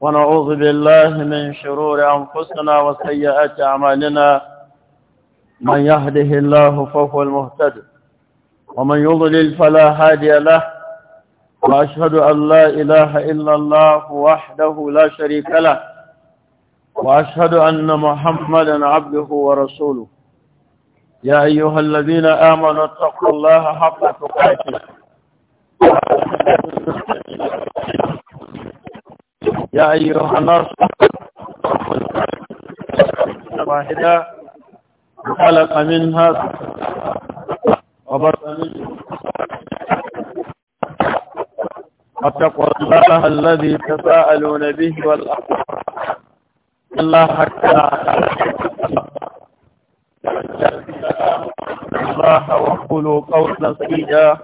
ونعوذ بالله من شرور أنفسنا وسيئات أعمالنا من يهده الله فهو المهتد ومن يضلل فلا هادي له وأشهد أن لا إله إلا الله وحده لا شريك له وأشهد أن محمدا عبده ورسوله يا أيها الذين آمنوا اتقوا الله حق تقاته يا أيها الناس واحدة خلق منها وبر منها اتقوا الله الذي تساءلون به والأرض الله حتى الله وقولوا قولا سيدا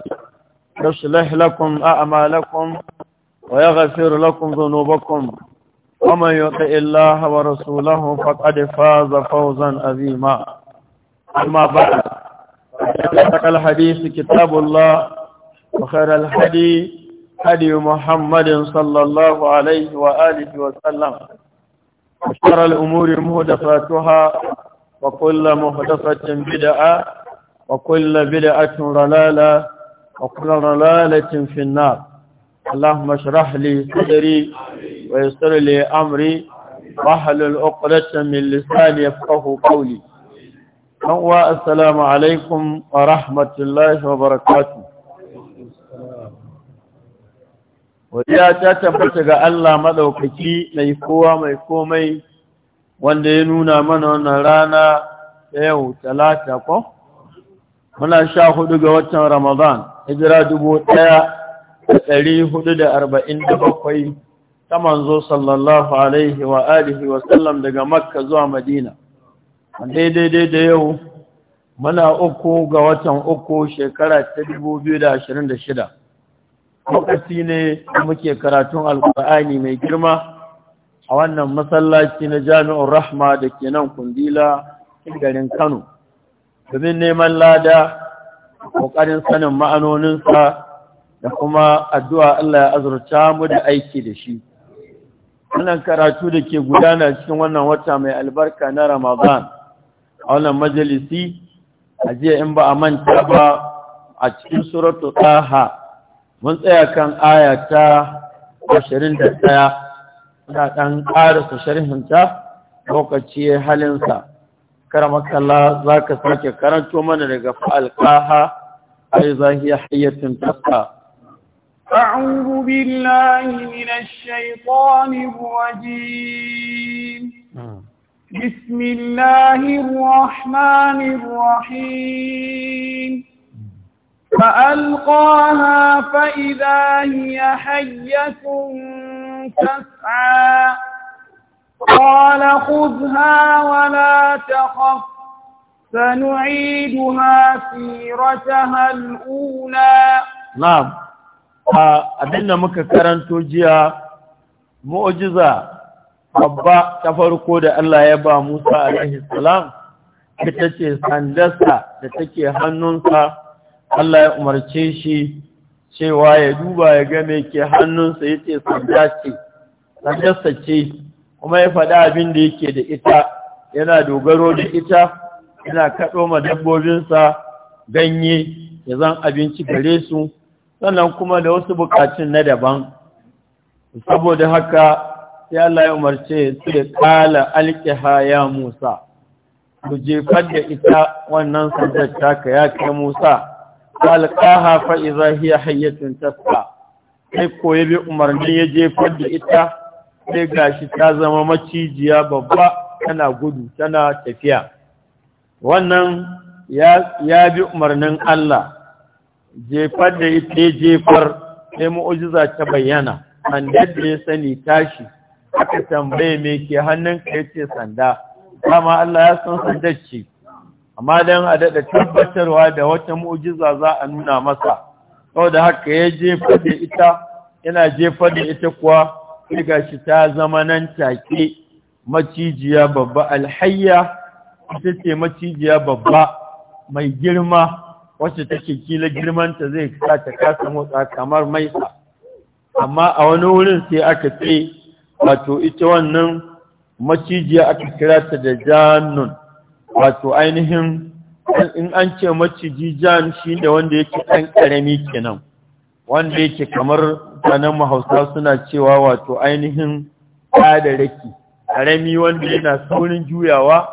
يصلح لكم أعمالكم ويغفر لكم ذنوبكم ومن يطع الله ورسوله فقد فاز فوزا عظيما أما بعد فاتق الحديث كتاب الله وخير الحديث هدي محمد صلى الله عليه وآله وسلم وشر الأمور مهدفاتها وكل مهدفة بدعة وكل بدعة رلالة وكل رلالة في النار اللهم اشرح لي صدري ويسر لي امري واحلل عقدة من لساني يفقهوا قولي أنواء السلام عليكم ورحمة الله وبركاته Wadiya ta tabbata ga Allah maɗaukaki mai kowa mai komai wanda ya nuna mana wannan rana ta yau talata ko? Muna sha hudu ga watan Ramadan, hijira dubu ɗaya da ɗari hudu da arba'in da bakwai ta manzo sallallahu alaihi wa alihi wa sallam daga makka zuwa madina daidai da yau muna uku ga watan uku shekara ta dubu biyu da da shida. lokaci ne muke karatun alkur'ani mai girma a wannan masallaci na jami'ar rahma da ke nan kundila garin kano domin neman lada ƙoƙarin sanin ma'anoninsa da kuma addu'a Allah ya azurta mu da aiki da shi wannan karatu da ke gudana cikin wannan wata mai albarka na Ramadan a wannan majalisi a jiya in ba a manta ba a cikin suratu ɗaha mun tsaya kan aya ta 21 ɗan dan ƙarasa sharhinta lokaci halinsa karamakalla za ka sake karanto mana daga fa'alƙaha ai zahiya hayyacin tasqa أعوذ بالله من الشيطان الرجيم نعم. بسم الله الرحمن الرحيم فألقاها فإذا هي حية تسعى قال خذها ولا تخف سنعيدها سيرتها الأولى نعم a abinda muka karanto jiya Mu'ujiza. babba ta farko da Allah ya ba Musa alaihi salam ita ce sandarsa da take hannunsa Allah ya umarce shi cewa ya duba ya ga mai ke hannunsa yace sanda ce sandarsa ce kuma ya faɗa abin da yake da ita yana dogaro da ita yana kaɗo ma dabbobinsa ganye ya zan abinci gare su sannan kuma da wasu bukatun na daban saboda haka sai Allah ya umarce su da kala alkiha ya Musa ku jefar da ita wannan sandar ka ya kai Musa alqaha fa idza hiya hayyatun tasqa sai ya bi umarnin ya jefar da ita sai gashi ta zama macijiya babba tana gudu tana tafiya wannan ya bi umarnin Allah jefar da ita jefar sai mu'ujiza ta bayyana sandar da ya sani tashi aka tambaye me ke hannunka ya ce sanda dama Allah ya san sandar ce amma don a daɗa tabbatarwa da wata mu'ujiza za a nuna masa da haka ya jefar da ita yana jefar da ita kuwa sai shi ta zama nan take macijiya babba alhayya ita ce macijiya babba mai girma wacce take kila girman ta zai ta kasa motsa kamar mai maisa amma a wani wurin sai aka ce wato ita wannan macijiya aka kira ta da janun wato ainihin in an ce maciji jan shi ne wanda yake ɗan ƙarami kenan wanda yake kamar mutanen mahausa suna cewa wato ainihin raki ƙarami wanda yana saurin juyawa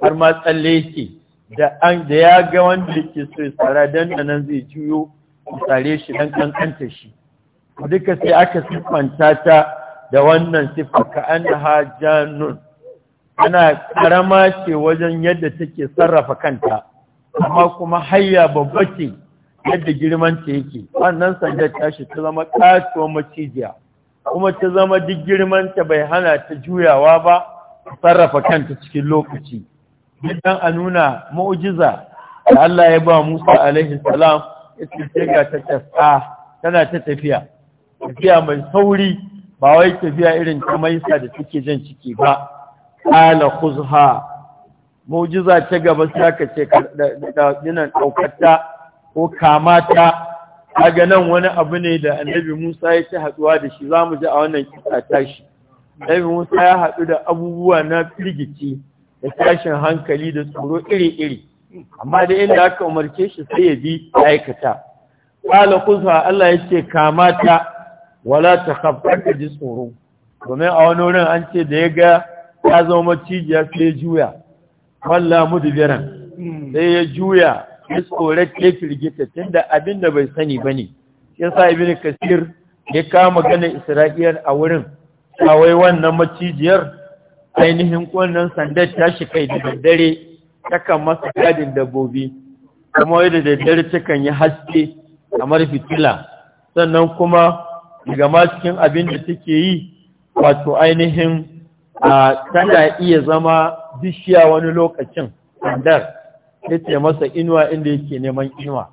har ma tsalle yake da ya ga wanda yake so ya tsara dan nan zai juyo ya tsare shi don kankanta shi duka sai aka siffanta ta da wannan siffa ka annaha janun ana karama ce wajen yadda take sarrafa kanta amma kuma hayya babba ce yadda girman ta yake wannan sanda ta shi ta zama katuwar macijiya kuma ta zama duk girman ta bai hana ta juyawa ba sarrafa kanta cikin lokaci bidan a nuna mu'jiza da Allah ya ba Musa alaihi salam ita ga ta tafa tana ta tafiya tafiya mai sauri ba wai tafiya irin ta maisa da take jan ciki ba ala khuzha mu'jiza ta gaba sai ka ce da dinan daukarta ko kamata kaga nan wani abu ne da annabi Musa ya ci haduwa da shi zamu ji a wannan kisa tashi annabi Musa ya hadu da abubuwa na firgici da tashin hankali da tsoro iri-iri amma da inda aka umarce shi sai ya bi aikata ƙwala kusa Allah yace kamata wala takhaffa ji tsoro domin a wani wurin an ce da ya ga ya zama macijiya sai ya juya walla mudbiran sai ya juya ya tsoron ke firgita tunda abin da bai sani ba ne. Ya yasa ibn kasir ya kama ganin isra'iyar a wurin a wai wannan macijiyar ainihin wannan sandar shi kai da daddare takan masa gadin dabbobi kuma wai daddare takan yi haske kamar fitila sannan kuma gama cikin abin da take yi wato ainihin tana iya zama bishiya wani lokacin sandar ya ce masa inuwa inda yake neman inuwa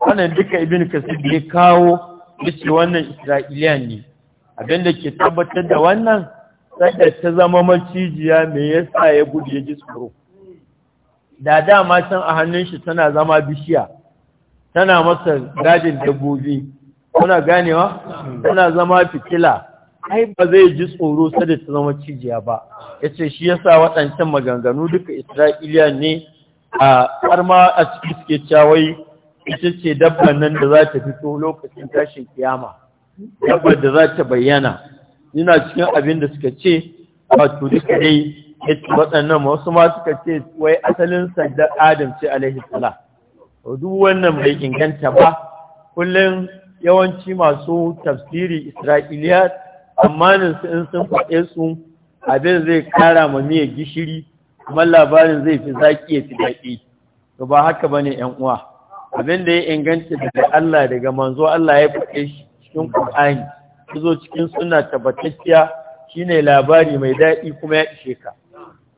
wannan duka ibin ka su kawo ya ce wannan isra'iliya ne abinda ke tabbatar da wannan sanda ta zama macijiya me yasa ya gudu ya ji tsoro da dama can a hannun shi tana zama bishiya tana masa gadin dabbobi kuna ganewa tana zama fitila ai ba zai ji tsoro sada ta zama cijiya ba yace shi yasa waɗancan maganganu duka Isra'iliya ne a karma a cikin suke cawai ita ce dabban nan da za ta fito lokacin tashin kiyama dabban da za ta bayyana yana cikin abin da suka ce ne ya dai waɗannan wasu ma suka ce wai asalin sadar adam ce alaihi salam duk wannan bai inganta ba kullum yawanci masu tafsiri isra'iliya tsammanin su in sun faɗe su abin zai kara ma miya gishiri kuma labarin zai fi zaƙi ya fi daƙi to ba haka ba ne uwa abin da ya inganta daga Allah daga manzo Allah ya faɗe shi cikin ƙur'ani ya zo cikin suna tabbatacciya shine labari mai daɗi kuma ya ishe ka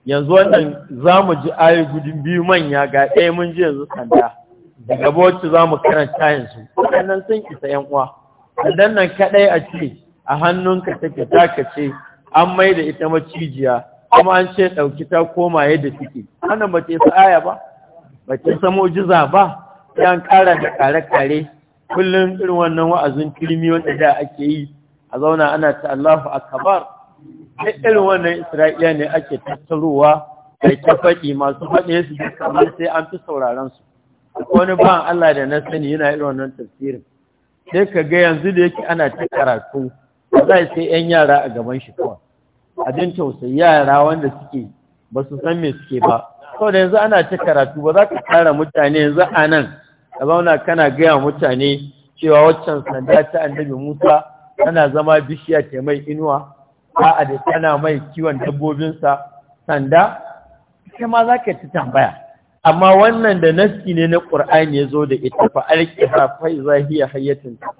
yanzu wannan za mu ji ayi gudun biyu manya ga ɗaya mun ji yanzu sanda daga bauchi za mu karanta yanzu waɗannan sun isa yan uwa sandan nan kaɗai a ce a hannunka take taka ce an mai da ita macijiya kuma an ce ɗauki ta koma yadda suke wannan ba ce aya ba ba ce samo jiza ba yan ƙara da kare-kare kullum irin wannan wa'azin kirmi wanda da ake yi a zauna ana ta Allahu akbar sai irin wannan Isra'ila ne ake tattarowa kai ta faɗi masu faɗe su kamar sai an fi sauraron su wani ba Allah da na sani yana irin wannan tafsirin sai ka ga yanzu da yake ana ta karatu ba za sai yan yara a gaban shi kawai abin tausayi yara wanda suke ba su san me suke ba da yanzu ana ta karatu ba za ka tara mutane yanzu a nan ka zauna kana gaya mutane cewa waccan sanda ta annabi Musa tana zama bishiya ke mai inuwa a da tana mai kiwon dabbobinsa sanda sai ma za ka ci tambaya amma wannan da naski ne na ƙur'ani ya zo da ita fa alƙi iya zahiya ta.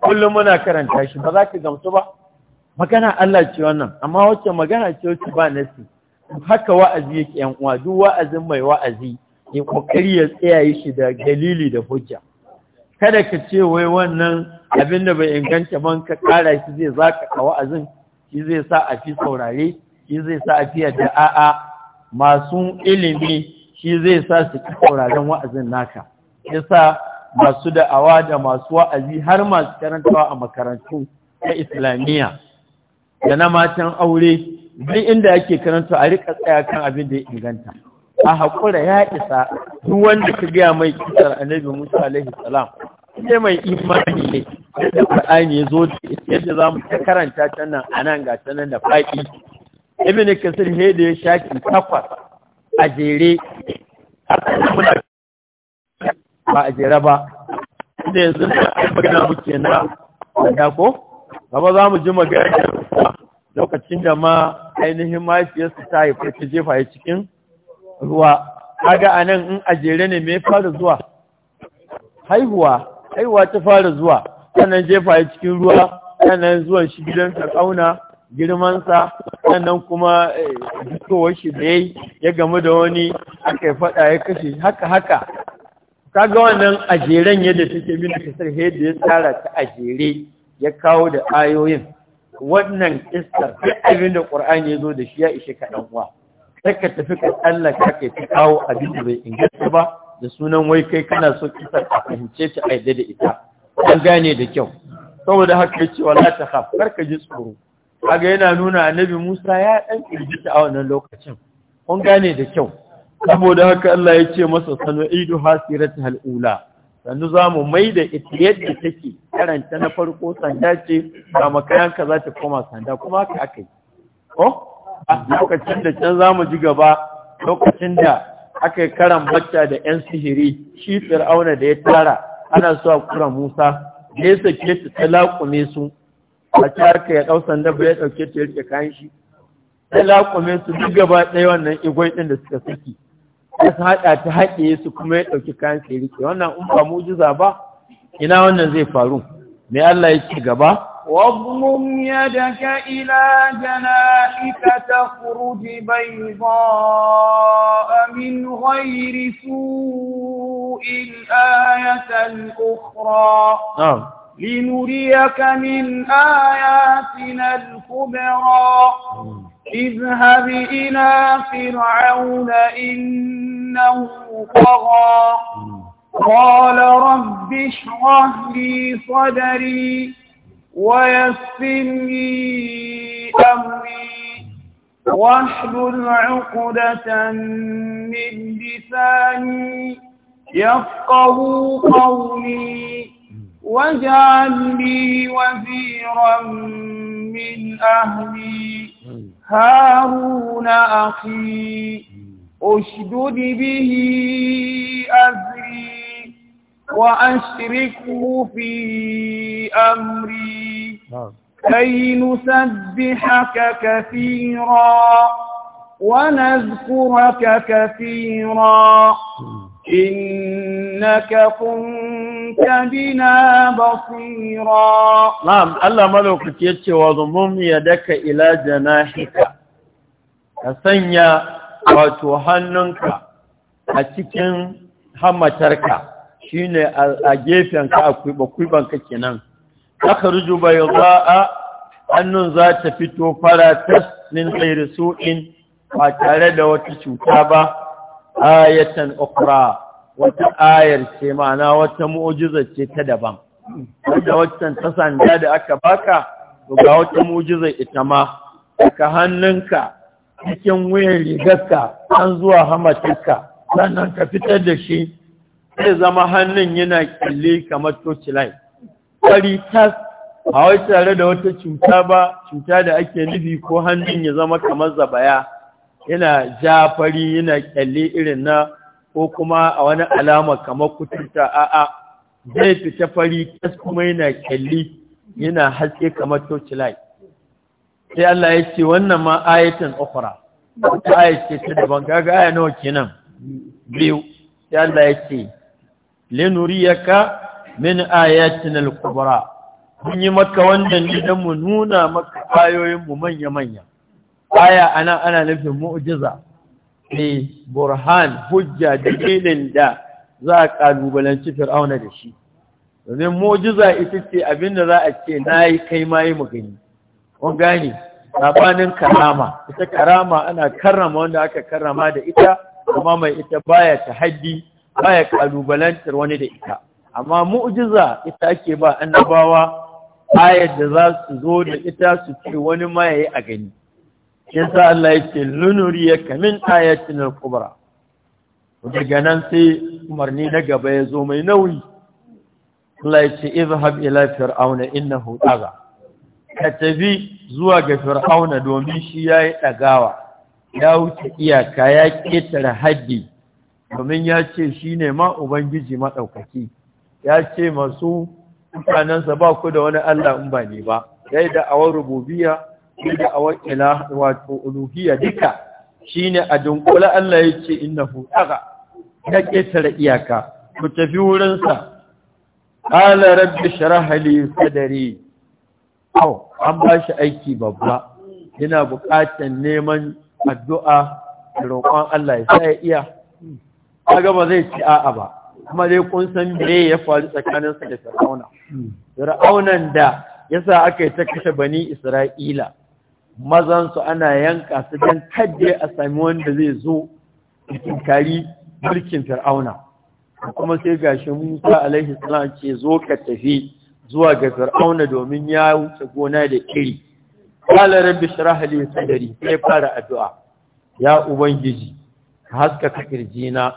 kullum muna karanta shi ba za ka gamsu ba magana Allah ce wannan amma wacce magana ce wacce ba naski haka wa'azi yake yan uwa duk wa'azin mai wa'azi ya kokari ya tsaya shi da dalili da hujja kada ka ce wai wannan Abin da bai inganta ban ka kara shi zai zaka ka wa'azin shi zai sa a fi saurare shi zai sa a fi yadda a'a masu ilimi shi zai sa su ki sauraren wa'azin naka yasa masu da'awa da masu wa'azi har masu karantawa a makarantu ta islamiyya da na matan aure duk inda ake karanta a rika tsaya kan abin da ya inganta a haƙura ya isa duk wanda ka gaya mai kisar annabi musa alaihi salam sai mai imani ne yadda ƙar'ani ya zo yadda za mu karanta ta a nan ga da faɗi ibn kasir he da ya shaki takwas a jere ba a jere ba inda yanzu da magana muke na da ko gaba za mu ji magana lokacin da ma ainihin mahaifiyarsa ta haifar ta jefa ya cikin ruwa kaga anan in a jere ne mai fara zuwa haihuwa aiwa ta fara zuwa sannan jefa ya cikin ruwa sannan zuwan shi gidan fir'auna girmansa sannan kuma eh, fitowar shi da yayi ya gamu da wani aka yi faɗa ya kashe haka haka kaga wannan ajeren yadda take mina kasar yadda ya tsara ta ajere ya kawo da ayoyin wannan iskar duk abin da ƙur'ani ya zo da shi ya ishe ka ɗan uwa sai ka tafi ka tsallaka ka ta kawo abin da bai inganta ba da sunan wai kai kana so kisa a fahimce ta aida da ita an gane da kyau saboda haka ya ce wala ta haf karka ji tsoro kaga yana nuna annabi musa ya dan ta a wannan lokacin kun gane da kyau saboda haka Allah ya ce masa sanu idu ta hal'ula sannu za mu mai da ita yadda take karanta na farko sanda ce ga ka za ta koma sanda kuma haka aka yi oh a lokacin da can za mu ji gaba lokacin da aka yi karan bacca da 'yan sihiri shi fir'auna da ya tara ana so a kura musa da ya sake ta laƙume su a taka ya ɗau sanda ba ya ɗauke ta ya rike kayan shi Ta laƙume su duk gaba ɗaya wannan igwai ɗin da suka saki ya su haɗa ta haɗe su kuma ya ɗauki kayan shi ya rike wannan in ba mujiza ba ina wannan zai faru me Allah ya ci gaba واضمم يدك إلى جناحك تخرج بيضاء من غير سوء الآية الأخرى نعم لنريك من آياتنا الكبرى اذهب إلى فرعون إنه طغى قال رب اشرح لي صدري ويسر لي أمري واحلل عقدة من لساني يفقه قولي واجعل لي وزيرا من أهلي هارون أخي أشدد به أزري وأشركه في أمري نعم. كي نسبحك كثيرا ونذكرك كثيرا إنك كنت بنا بصيرا نعم الله ملوك تيتش وضمم يدك إلى جناحك أسنى وتهننك أتكن همترك Shi ne a gefen ka a kuiban ka kenan aka ruju bai a. hannun za ta fito fara tas nin ghairi su'in ba tare da wata cuta ba ayatan okra wata ayar ce ma'ana wata mu'jiza ce ta daban wanda wata ta sanda da aka baka to ga wata mu'ujiza ita ma ka hannunka cikin wuyan rigarka an zuwa hamatinka sannan ka fitar da shi zai zama hannun yana kyalli kamar tocilai ƙwari tas a tare da wata cuta ba cuta da ake nufi ko hannun ya zama kamar zabaya yana ja fari yana kyalle irin na ko kuma a wani alama kamar kuturta a'a zai fita fari tas kuma yana kyalle yana haske kamar tocilai sai Allah ya ce wannan ma ayatan ukhra ta ayat ce ta daban kaga aya nawa kenan biyu sai Allah ya ce linuriyaka min ayatina al-kubra mun yi maka wannan ne dan mu nuna maka ayoyin mu manya manya aya ana ana nufin mu'jiza ne eh, burhan hujja dalilin da za a kalubalanci fir'auna da shi domin mu'jiza ita ce abinda za a ce nayi kai ma yi mu gani kun gane sabanin karama ita karama ana karrama wanda aka karrama da ita kuma mai ita baya tahaddi Ba ya kalubalantar wani da ita amma mu'jiza ita ake ba annabawa ayar da za su zo da ita su ce wani ma yayi a gani sa Allah yake ya kamin ayatin al-kubra daga nan sai umarni na gaba ya zo mai nauyi Allah ya ce izhab ila fir'auna innahu ga. ka tafi zuwa ga fir'auna domin shi yayi ɗagawa. ya wuce iyaka ya ketare haddi domin ya ce shi ne ma ubangiji maɗaukaki ya ce masu mutanensa ba ku da wani Allah in ba ne ba dai da awar rububiya dai da awar ila wato uluhiya duka Shi ne a dunkula Allah ya ce innahu daga ya ƙetare iyaka ku tafi wurinsa qala rabbi shrah li sadri an ba shi aiki babba yana buƙatar neman addu'a da roƙon Allah ya sa iya kaga ba zai ci a'a ba kuma dai kun san me ya faru tsakaninsa da fir'auna fir'aunan da yasa aka yi ta kashe bani isra'ila mazansu ana yanka su don kadde a sami wanda zai zo kari mulkin fir'auna kuma sai gashi musa alaihi salam ce zo ka tafi zuwa ga fir'auna domin ya wuce gona da iri qala rabbi shrah li sadri sai fara addu'a ya ubangiji haskaka kirjina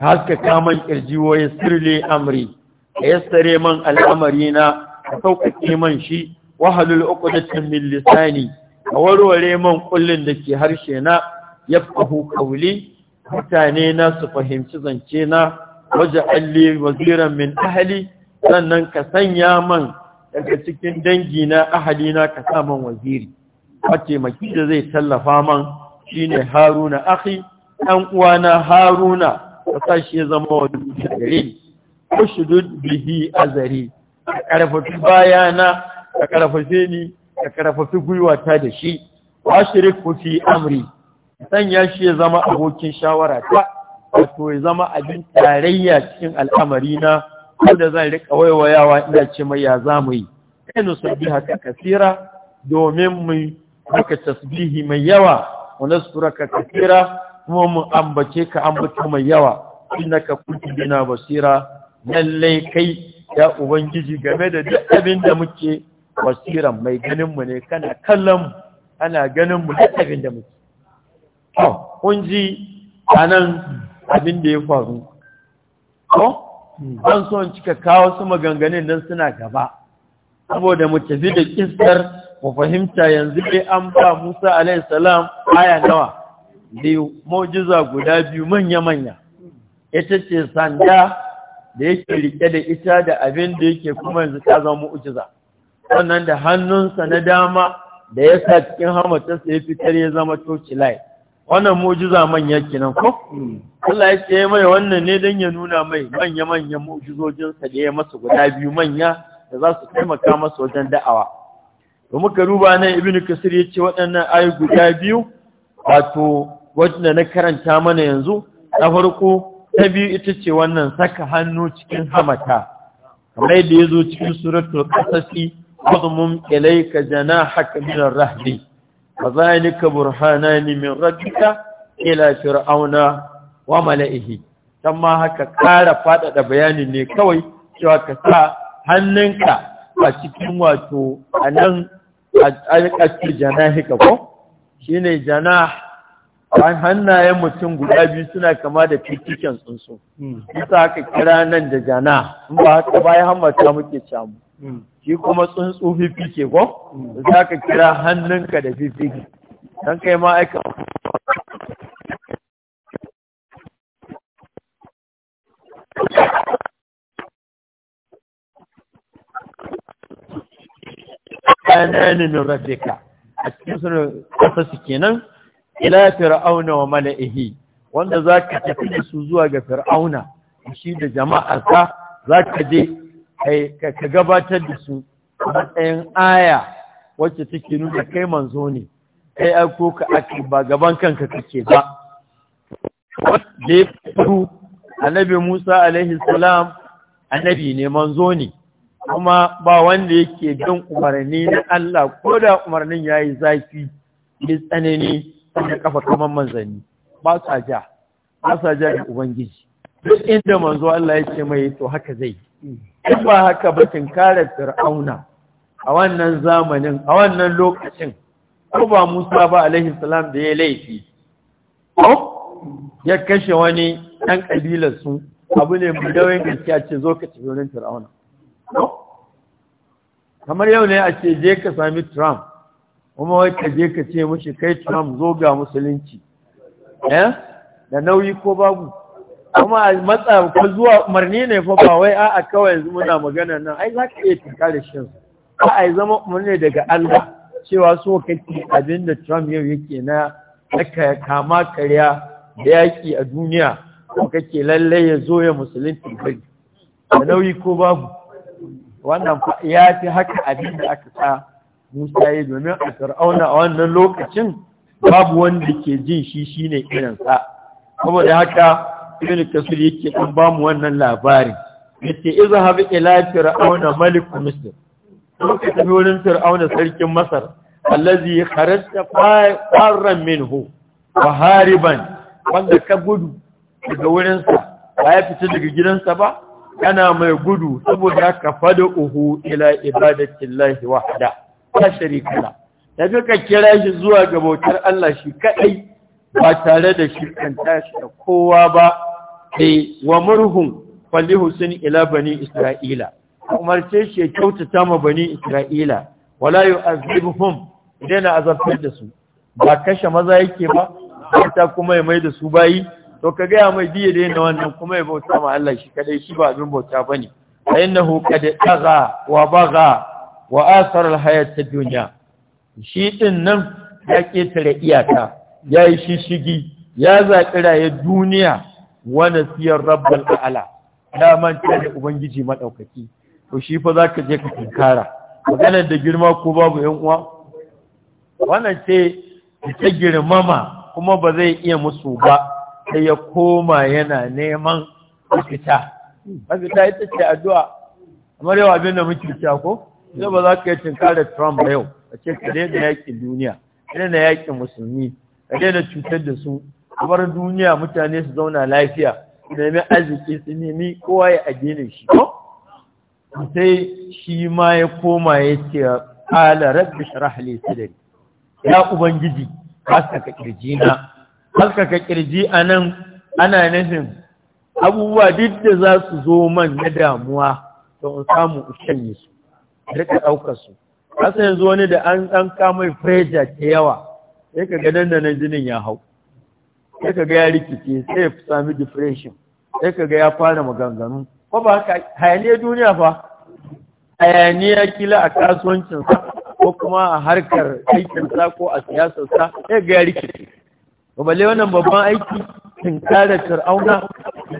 haska kaman kirji wa sirri amri ka yassare man al'amari na ka sauƙaƙe man shi wahalul da min lisani ka warware man ƙullin da ke harshe na yafqahu ƙauli. mutane na su fahimci zance na waje alli waziran min ahali, sannan ka sanya man daga cikin dangi na ahali na ka sa waziri wace maki da zai tallafa man shine haruna akhi dan uwana haruna ka sa ya zama wa dukiya gare ni ushudud bihi azari ka karfafi bayana ka karfafi ni ka karfafi gwiwata da shi wa shiriku fi amri sanya shi ya zama abokin shawara ta wato ya zama abin tarayya cikin al'amari na wanda zan rika waiwayawa ina ce mai ya zamu yi kai nusabbi haka kasira domin mu haka tasbihi mai yawa wa nasturaka kasira kuma mu ambace ka ambata mai yawa innaka kuntu bina basira lalle kai ya ubangiji game da duk abin da muke basira mai ganin mu ne kana kallon ana ganin mu duk abin da muke to kun ji anan abin da ya faru ko ban so in cika kawo su maganganun nan suna gaba saboda mu tafi da kistar mu fahimta yanzu dai an ba Musa alaihi salam aya nawa biyu mojiza guda biyu manya-manya ita ce sanda da yake rike da ita da abin da yake kuma yanzu ta zama mu'jiza sannan da hannunsa na dama da ya sa cikin hamatarsa ya fitar ya zama lai wannan mojiza manya kenan ko Allah ya ce mai wannan ne don ya nuna mai manya-manyan mu'jizojinsa da ya masa guda biyu manya da za su taimaka masa wajen da'awa da muka duba nan ibnu kasir ya ce waɗannan ayi guda biyu wato da na karanta mana yanzu na farko ta biyu ita ce wannan saka hannu cikin hamata kamar da ya zo cikin suratul qasasi wadmum ilayka janahaka min ar ka nika burhana ne min rabbika ila fir'auna wa mala'ihi dan ma haka kara faɗaɗa bayani ne kawai cewa ka sa hannunka a cikin wato a nan a jana janahika ko Shi shine jana hannayen mutum guda biyu suna kama da fitikin tsuntsu isa hmm. haka kira nan da jana in ba haka bayan hamata muke camu. Hmm. shi kuma tsuntsu fifike ko hmm. za ka kira hannunka da fifike don kai ma aika rabe ka. a cikin sunan ƙasa su kenan ila fir'auna wa mala'ihi wanda zaka tafi da su zuwa ga fir'auna shi da jama'arsa zaka je ka gabatar da su matsayin aya wacce take nuna kai manzo ne kai aiko ka ake ba gaban kanka kake ba da annabi Musa alaihi salam annabi ne manzo ne kuma ba wanda yake bin umarni na Allah ko da umarnin yayi zafi ya tsanani da kafa kamar manzanni ba sa ja ba sa ja da ubangiji duk inda manzo Allah ya ce mai to haka zai in ba haka ba kare fir'auna a wannan zamanin a wannan lokacin ko ba Musa ba alaihi salam da ya laifi ya kashe wani ɗan kabilar su abu ne mai dawai gaskiya ce zo ka tafi wurin fir'auna kamar yau ne a ce je ka sami Trump kuma wai ka je ka ce mashi kai Trump zo ga musulunci eh da nauyi ko babu kuma a matsa ko zuwa umarni ne fa ba wai a'a kawai yanzu muna magana nan ai za ka iya tuka da shi ba ai zama umarni daga Allah cewa so kake abin da Trump yau yake na aka kama karya da yaƙi a duniya ko kake lalle ya zo ya musulunci bari da nauyi ko babu wannan ya fi haka abin da aka sa Musa ya domin a fir'auna a wannan lokacin babu wanda ke jin shi shine irinsa saboda haka ibn kasir yake an ba mu wannan labarin yace izhab ila fir'auna malik misr ka tafi wurin fir'auna sarkin masar allazi karanta farran minhu wa hariban wanda ka gudu daga wurinsa ba ya fita daga gidansa ba kana mai gudu saboda ka fada uhu ila ibadatillahi wahda ba sharika la Ya duka kira shi zuwa ga bautar Allah shi kadai ba tare da shirkanta shi da kowa ba sai wa murhun, falli sun ila bani isra'ila umarce shi ya kyautata ma bani isra'ila wala yu'azibuhum idan azabtar da su ba kashe maza yake ba ta kuma ya mai da su bayi to ka gaya mai biye da yana wannan kuma ya bauta ma Allah shi kadai shi ba abin bauta bane yin na da ɗaga wa baga. wa asar ta duniya shi ɗin nan ya ƙetare iyaka ya yi shishigi ya zaƙi raye duniya wani siyar rabbal a'ala Na manta da ubangiji maɗaukaki to shi fa za ka je ka tinkara magana da girma ko babu yan uwa wannan ce ta girmama kuma ba zai iya musu ba sai ya koma yana neman mafita mafita ita ce addu'a kamar yau abin da muke cewa ko da ba za ka yi da Trump ba yau a ce ka daina yakin duniya ka daina yakin musulmi ka daina cutar da su kamar duniya mutane su zauna lafiya su nemi arziki su nemi kowa ya addinin shi sai shi ma ya koma ya ce ala rabbi shrah li sadri ya ubangiji haskaka kirji na haskaka kirji anan ana nufin abubuwa duk da za su zo man na damuwa don samu in shanye su rika ɗaukar su asa yanzu wani da an ɗan kamai freja ta yawa sai ka ganin da nan jinin ya hau sai ka ga ya rikice sai ya sami depression sai ka ga ya fara maganganu ko ba haka hayaniyar duniya fa hayaniya kila a kasuwancinsa ko kuma a harkar aikinsa ko a sa sai ga ya rikice balle wannan babban aiki tinkarar fir'auna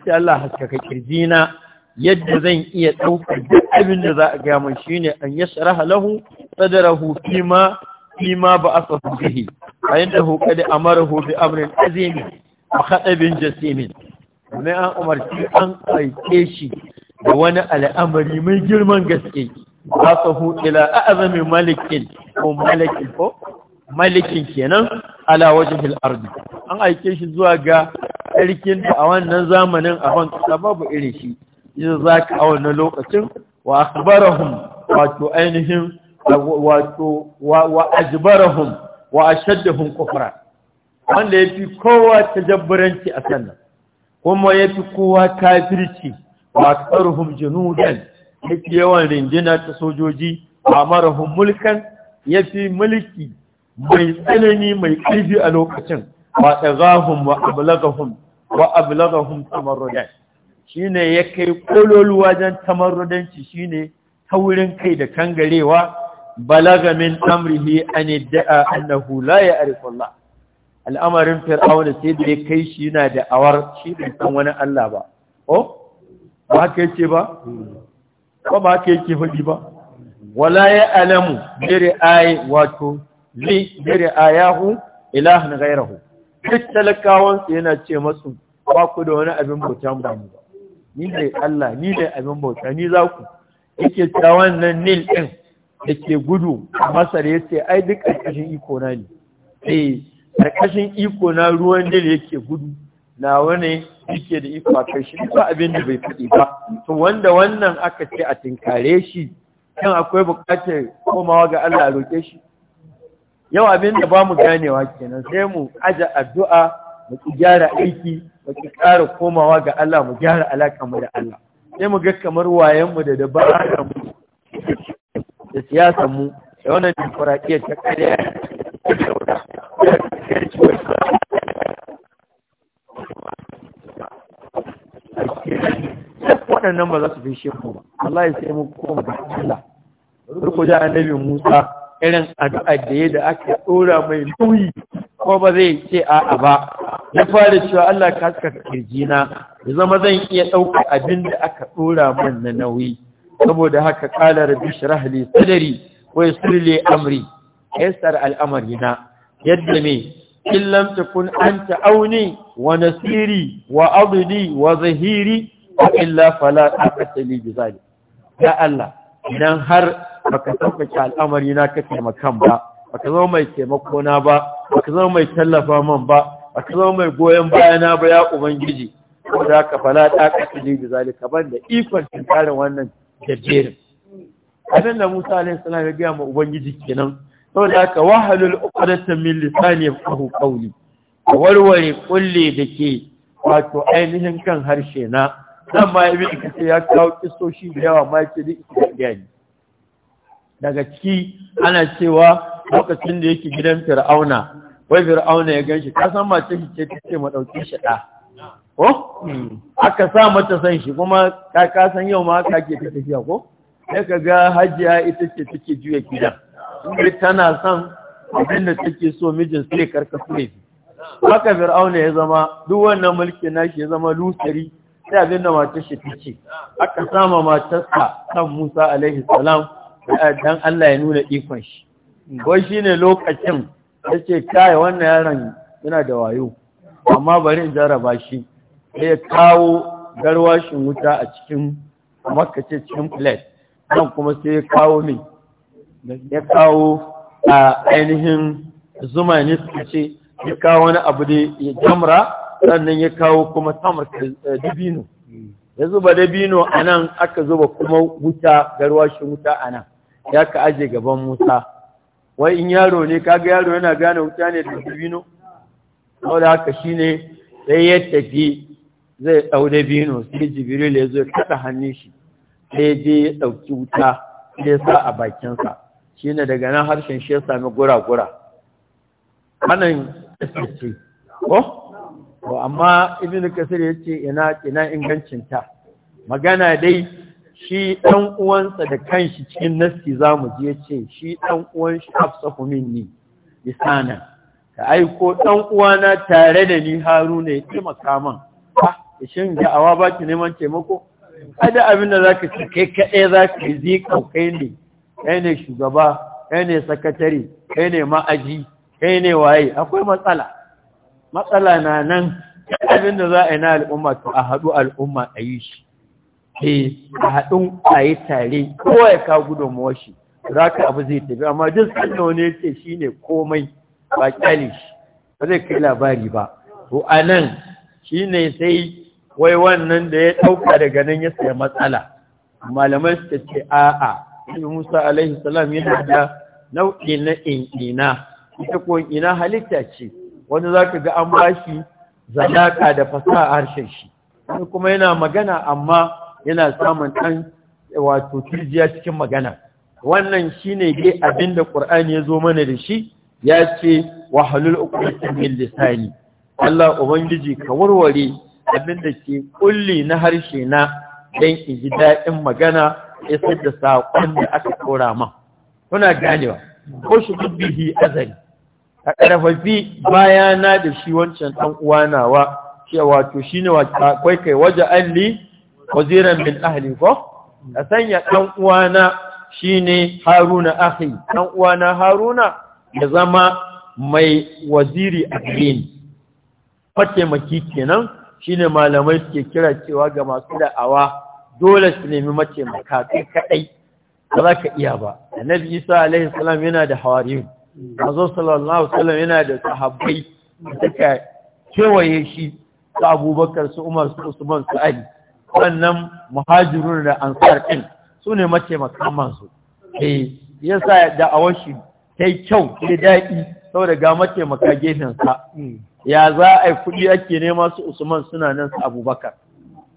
sai Allah haskaka kirjina yadda zan iya ɗaukar duk abin da za a gaya min shine an yashraha lahu sadrahu fima fima ba'athahu bihi fa innahu qad amarahu bi amrin azim wa khatabin jasimin ne an umarci an aike shi da wani al'amari mai girman gaske asahu ila a'zami malikin ko malikin ko malikin kenan ala hil'adu. an aike shi zuwa ga sarkin a wannan zamanin a ban kasa babu irin shi idan za ka a wannan lokacin wa akbarahum wato ainihin wato wa ajbarahum wa ashaddahum kufra wanda yafi kowa tajabburanci a sannan kuma yafi kowa kafirci wa akbaruhum junudan yafi yawan rinjina ta sojoji wa marahum mulkan yafi mulki mai tsanani mai ƙarfi a lokacin wa tagahum wa ablagahum wa ablagahum tamarrudan Shi ne ya kai ƙololu wajen ne ta taurin kai da kangarewa balaga min amrihi an idda'a annahu la ya'rifu Allah al'amarin fir'auna sai da ya kai shi yana da awar shi bai san wani Allah ba o oh, ba haka ce ba ko ba haka yake hudi ba wala ya alamu, jere ri'ayi wato li jere ayahu ilahun ghayrahu duk talakawansu yana ce masu ba ku da wani abin bautan ba mu ba ni ne Allah ni ne abin bauta ni za ku yake ta wannan nil ɗin da ke gudu a masar ya ai duk ƙarƙashin iko na ne eh ƙarƙashin iko na ruwan nil yake gudu na wani yake da iko kai shi ba abin da bai faɗi ba to wanda wannan aka ce a tinkare shi kan akwai buƙatar komawa ga Allah a roƙe shi yau abin da ba mu ganewa kenan sai mu aje addu'a mu gyara aiki ba ki ƙara komawa ga Allah mu gyara alaƙa mu da Allah sai mu ga kamar wayanmu da dabara mu da siyasa mu da wannan dimokuraɗiyyar ta kare waɗannan ba za su fi sheku ba Allah ya sai mu koma ga Allah riko da annabi Musa irin addu'a da ya da aka ɗora mai nauyi ko ba zai ce a'a ba ya fara cewa Allah ka haskaka kirjina ya zama zan iya ɗauka abin da aka ɗora man na nauyi saboda haka ƙala rabbi shrah li sadri wa yassir Amri. amri yassar al'amarina yadda mai, in lam an anta auni wa nasiri wa adli wa zahiri wa illa fala taqata li ya Allah idan har baka sauƙaƙe al'amarina ka taimakan ba baka zama mai taimako na ba baka zama mai tallafa man ba baka zama mai goyon bayana ba ya ubangiji Ko da ka fala ta kasali da zalika ban da ikon tinkarin wannan jajjerin abin da Musa Alayhi salam ya gaya ma ubangiji kenan saboda ka wahalul uqdatan min lisani yafqahu qawli warware kulle ke wato ainihin kan harshe na nan ma ka ce ya kawo kisoshi da yawa ma yace duk gani daga ciki ana cewa lokacin da yake gidan fir'auna wai fir'auna ya ganshi ka san mace shi ce ta ma dauke shi ɗa. ko aka sa mata san shi kuma ka ka san yau ma ka ke tafiya ko sai ka ga hajiya ita ce take juya gidan in tana son abin da take so mijin sai karkasu ne haka fir'auna ya zama duk wannan mulki nashi ya zama lusari sai abin da mata shi tace aka sama matarsa kan Musa alaihi salam dan Allah ya nuna ikon shi gwai shi ne lokacin ya ce kayi wannan yaron yana da wayo amma bari in jaraba shi da ya kawo garwashin wuta a cikin makace cikin plate nan kuma sai ya kawo mai ya kawo a ainihin zuma ne suka ce ya kawo wani abu da ya jamra sannan ya kawo kuma samar eh, dabino ya zuba dabino a nan aka zuba kuma wuta garwashin wuta a nan ya ka aje gaban musa wai in yaro ne kaga yaro yana gane wuta ne da dabino da haka shine sai ya tafi zai ɗau dabino sai jibril ya zo ya kaɗa hannun shi sai je ya ɗauki wuta sai sa a bakinsa shine daga nan harshen shi ya sami gura-gura wannan ce ko amma ibn kasir ya ce ina ingancinta magana dai shi ɗan uwansa da kanshi cikin nasti za mu je ce shi ɗan uwan shi afsahu minni lisanan ka aiko ɗan uwana tare da ni haruna ya taimaka min ah shin ga awa ba ki neman taimako ada abin da zaka ce kai kaɗai zaka yi zika kai ne kai ne shugaba kai ne sakatare kai ne ma'aji kai ne waye akwai matsala matsala na nan abin da za a yi na al'umma to a haɗu al'umma a yi shi eh a haɗin a yi tare kowa ka gudun mawashi shi za ka abu zai tafi amma duk sannan wani ya shi ne komai ba ƙyale shi ba zai kai labari ba to a nan shi ne sai wai wannan da ya ɗauka daga nan ya saya matsala malamai suka ce a'a ibi Musa alaihi salam yana da nau'i na ƙinƙina. ita ko in'ina halitta ce wani ka ga an ba shi zalaka da fasaha harshen shi wani kuma yana magana amma yana samun ɗan wato turjiya cikin magana wannan shine dai da ƙur'ani ya zo mana da shi ya ce wa halul uqdatin min lisani Allah ubangiji ka warware abinda ke ƙulli na harshe na don in ji daɗin magana isar da saƙon da aka ɗora ma kuna ganewa ko shi bihi azali a ƙarfafi bayana da shi wancan ɗan uwa nawa cewa to shine akwai kai waje alli waziran min ahli ko a sanya ɗan uwana shine haruna akhi ɗan uwana haruna ya zama mai waziri a gare mataimaki kenan shine malamai suke kira cewa ga masu da'awa dole su nemi mace kai kaɗai. ba za ka iya ba annabi isa alaihi salam yana da hawariyu azo sallallahu yana da sahabbai da suka kewaye shi su abubakar su umar su usman su ali wannan muhajirun da ansar ɗin su ne mataimakan masu eh ya sa a washi ta yi kyau ta daɗi saboda ga mataimaka sa? ya za a yi kuɗi ake nema su usman suna nan su abubakar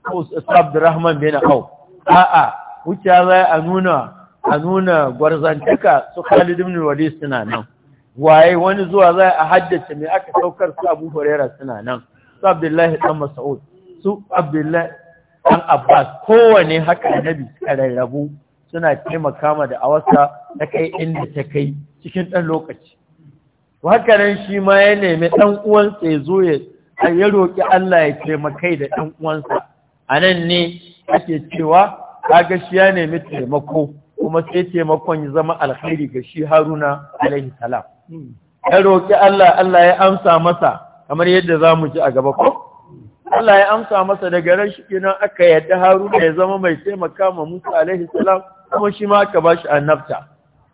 ko bin a'a wuce za a nuna a nuna gwarzantaka su khalid ibn suna nan waye wani zuwa za a haddace mai aka saukar su abu huraira suna nan su abdullahi dan mas'ud su abdullahi ɗan Abbas kowane haka annabi ƙararrabu, suna taimaka ma da awasa ta kai inda ta kai cikin ɗan lokaci haka nan shi ma ya nemi ɗan uwansa ya zo ya roƙi Allah ya taimakai da ɗan uwansa a nan ne ake cewa kaga shi ya nemi taimako kuma sai taimakon ya zama alkhairi ga shi Haruna alaihi salam hmm. ya roƙi Allah Allah ya amsa masa kamar yadda za mu ji a gaba ko Allah ya amsa masa daga shi kenan aka yadda Haruna ya zama mai taimaka ma Musa alaihi salam kuma shi ma aka bashi annabta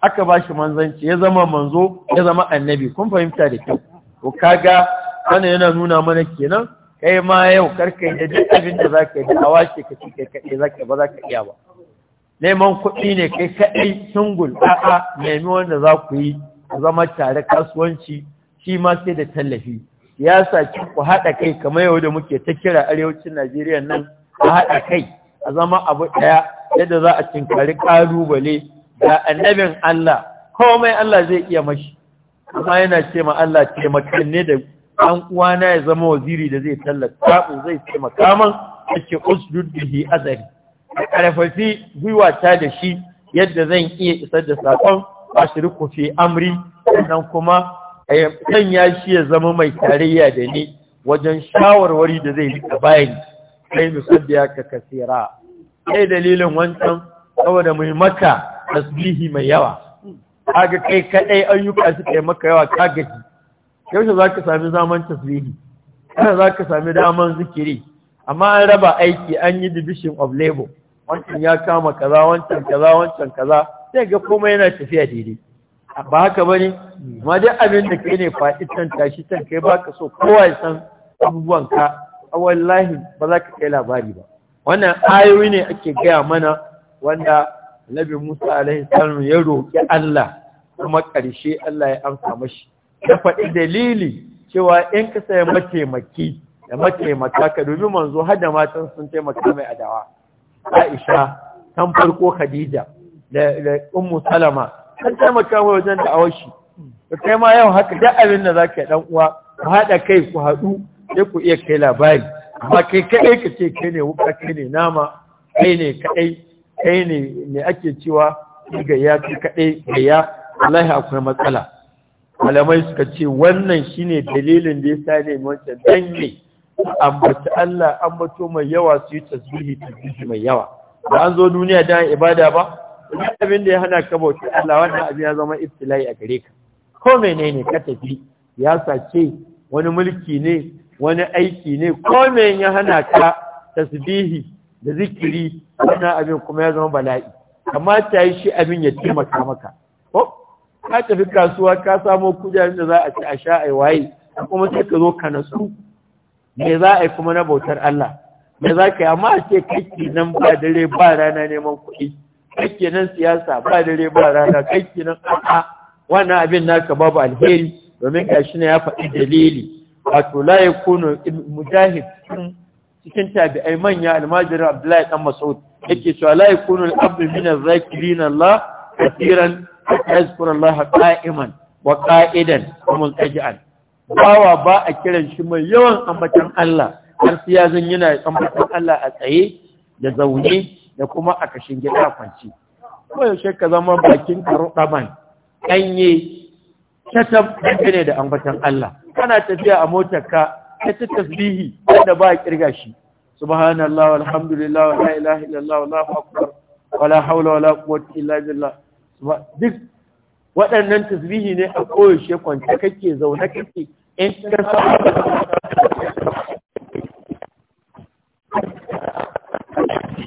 aka bashi manzanci ya zama manzo ya zama annabi kun fahimta da kyau to kaga wannan yana nuna mana kenan kai ma yau karka yi duk abin da zaka yi A washe ka ci kai kai zaka ba zaka iya ba neman kuɗi ne kai kaɗai singul a'a nemi wanda za ku yi zama tare kasuwanci shi ma sai da tallafi siyasa ce ku haɗa kai kamar yau da muke ta kira arewacin Najeriya nan a haɗa kai a zama abu ɗaya yadda za a cinkari ƙalubale da annabin Allah komai Allah zai iya mashi amma yana ce ma Allah ce taimakon ne da ɗan uwana ya zama waziri da zai tallata ko zai ce makaman ake usdud bihi azari karfafi gwiwa ta da shi yadda zan iya isar da sakon ashirku amri sannan kuma ɗan ya shi ya zama mai tarayya da ni wajen shawarwari da zai rika bayani sai musaddiya ka kasira sai dalilin wancan saboda mai maka tasbihi mai yawa kaga kai kadai ayyuka suka kai maka yawa ka gaji yaushe za ka sami zaman tasbihi kana za ka sami daman zikiri amma an raba aiki an yi division of labor wancan ya kama kaza wancan kaza wancan kaza sai ga komai yana tafiya daidai ba haka ba ne hmm. ma dai abin da kai ne faɗi can tashi can kai ba ka so kowa ya san abubuwan ka a wallahi ba za ka kai labari ba wannan ayoyi ne ake gaya mana wanda nabi musa alaihi salam ya roƙi allah kuma ƙarshe allah ya amsa mashi ya faɗi dalili cewa in ka ya mataimaki da mataimaka ka dubi manzo har da matan sun taimaka mai adawa aisha tan farko khadija da ummu salama an taimaka mai wajen da shi ka kai ma yau haka da abin da za ka yi ɗan'uwa, uwa ku haɗa kai ku haɗu sai ku iya kai labari amma kai kaɗai ka ce kai ne wuka kai ne nama kai ne kaɗai kai ne me ake cewa ya kai kaɗai ya wallahi akwai matsala malamai suka ce wannan shine dalilin da ya sa ne wancan dan ne ambaci Allah ambato mai yawa su yi tasbihi tasbihi mai yawa ba an zo duniya da ibada ba duk abin da ya hana ka bauta Allah wannan abin ya zama iftilai a gare ka ko menene ka tafi ya sace wani mulki ne wani aiki ne ko me ya hana ka tasbihi da zikiri wannan abin kuma ya zama bala'i amma ta yi shi abin ya taimaka maka ko ka tafi kasuwa ka samo kujerar da za a ci a sha a waye kuma sai ka zo ka nasu me za a yi kuma na bautar Allah me za ka yi amma a ce kake nan ba dare ba rana neman kuɗi kake nan siyasa ba dare ba rana kake nan a'a wannan abin naka babu alheri domin gashi ne ya faɗi dalili wato la yakunu mujahid cikin tabi'ai manya almajirin Abdullahi dan Mas'ud yake cewa la yakunu al-abdu min az-zakirin Allah kathiran yazkuru Allah qa'iman wa qa'idan wa muntaji'an bawa ba a kiran shi mai yawan ambatan Allah har sai ya zan yana ambatan Allah a tsaye da zaune da kuma a kashin gida kwanci kuma yaushe ka zama bakin karo ɗaman ɗanye shatab ne da ambatan Allah kana tafiya a motar ka ta ci tasbihi da ba kirga shi subhanallah walhamdulillah wala ilaha illallah wallahu akbar wala hawla wala quwwata illa billah duk waɗannan tasbihi ne a koyaushe kwance kake zaune kake in ka samu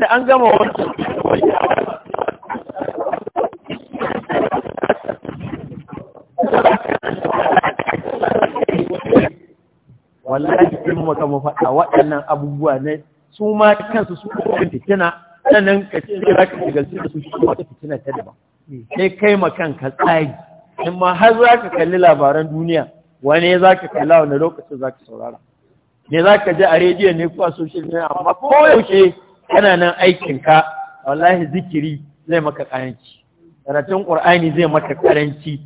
da an gama wancan wallahi sai mu maka mu faɗa waɗannan abubuwa ne su ma kansu su kuma fitina sannan ka ce za ka shiga su shi wata fitina ta daban sai kai ma kanka tsari in ma har za ka kalli labaran duniya wane za ka kalla wani lokacin za ka saurara ne za ka ji a rediyo ne ko a social media amma ko yaushe kana nan aikinka wallahi zikiri zai maka karanci karatun qur'ani zai maka karanci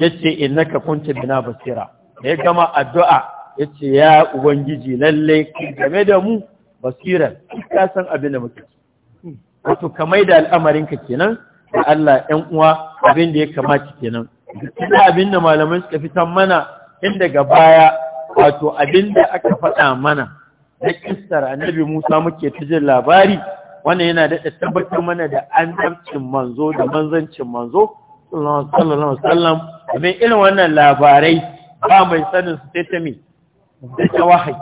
yace innaka kunta bina basira da ya gama addu'a yace ya ubangiji lalle game da mu basira ka san abin da muke wato kamar da al'amarinka kenan da Allah ‘yan uwa abin da ya kamata kenan. Ina abin da malamai suka fitan mana inda daga baya wato abin da aka faɗa mana na kistar annabi Musa muke ta jin labari wannan yana da tabbatar mana da annabcin manzo da manzancin manzo sallallahu alaihi wasallam kamar irin wannan labarai ba mai sanin su sai ta da ta wahayi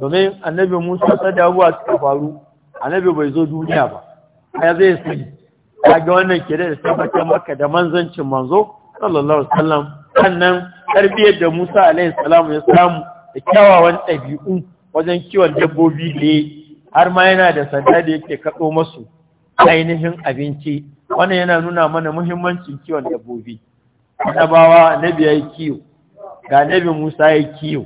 domin annabi Musa ta abuwa suka faru annabi bai zo duniya ba ya zai sani ga wannan ke da tabbatar maka da manzancin manzo sallallahu alaihi wasallam sannan tarbiyyar da Musa alaihi salamu ya samu da kyawawan ɗabi'u wajen kiwon dabbobi ne har ma yana da sanda da yake kaɗo masu ainihin abinci wannan yana nuna mana muhimmancin kiwon dabbobi bawa Nabi ya yi kiyo ga Nabi musa ya kiyo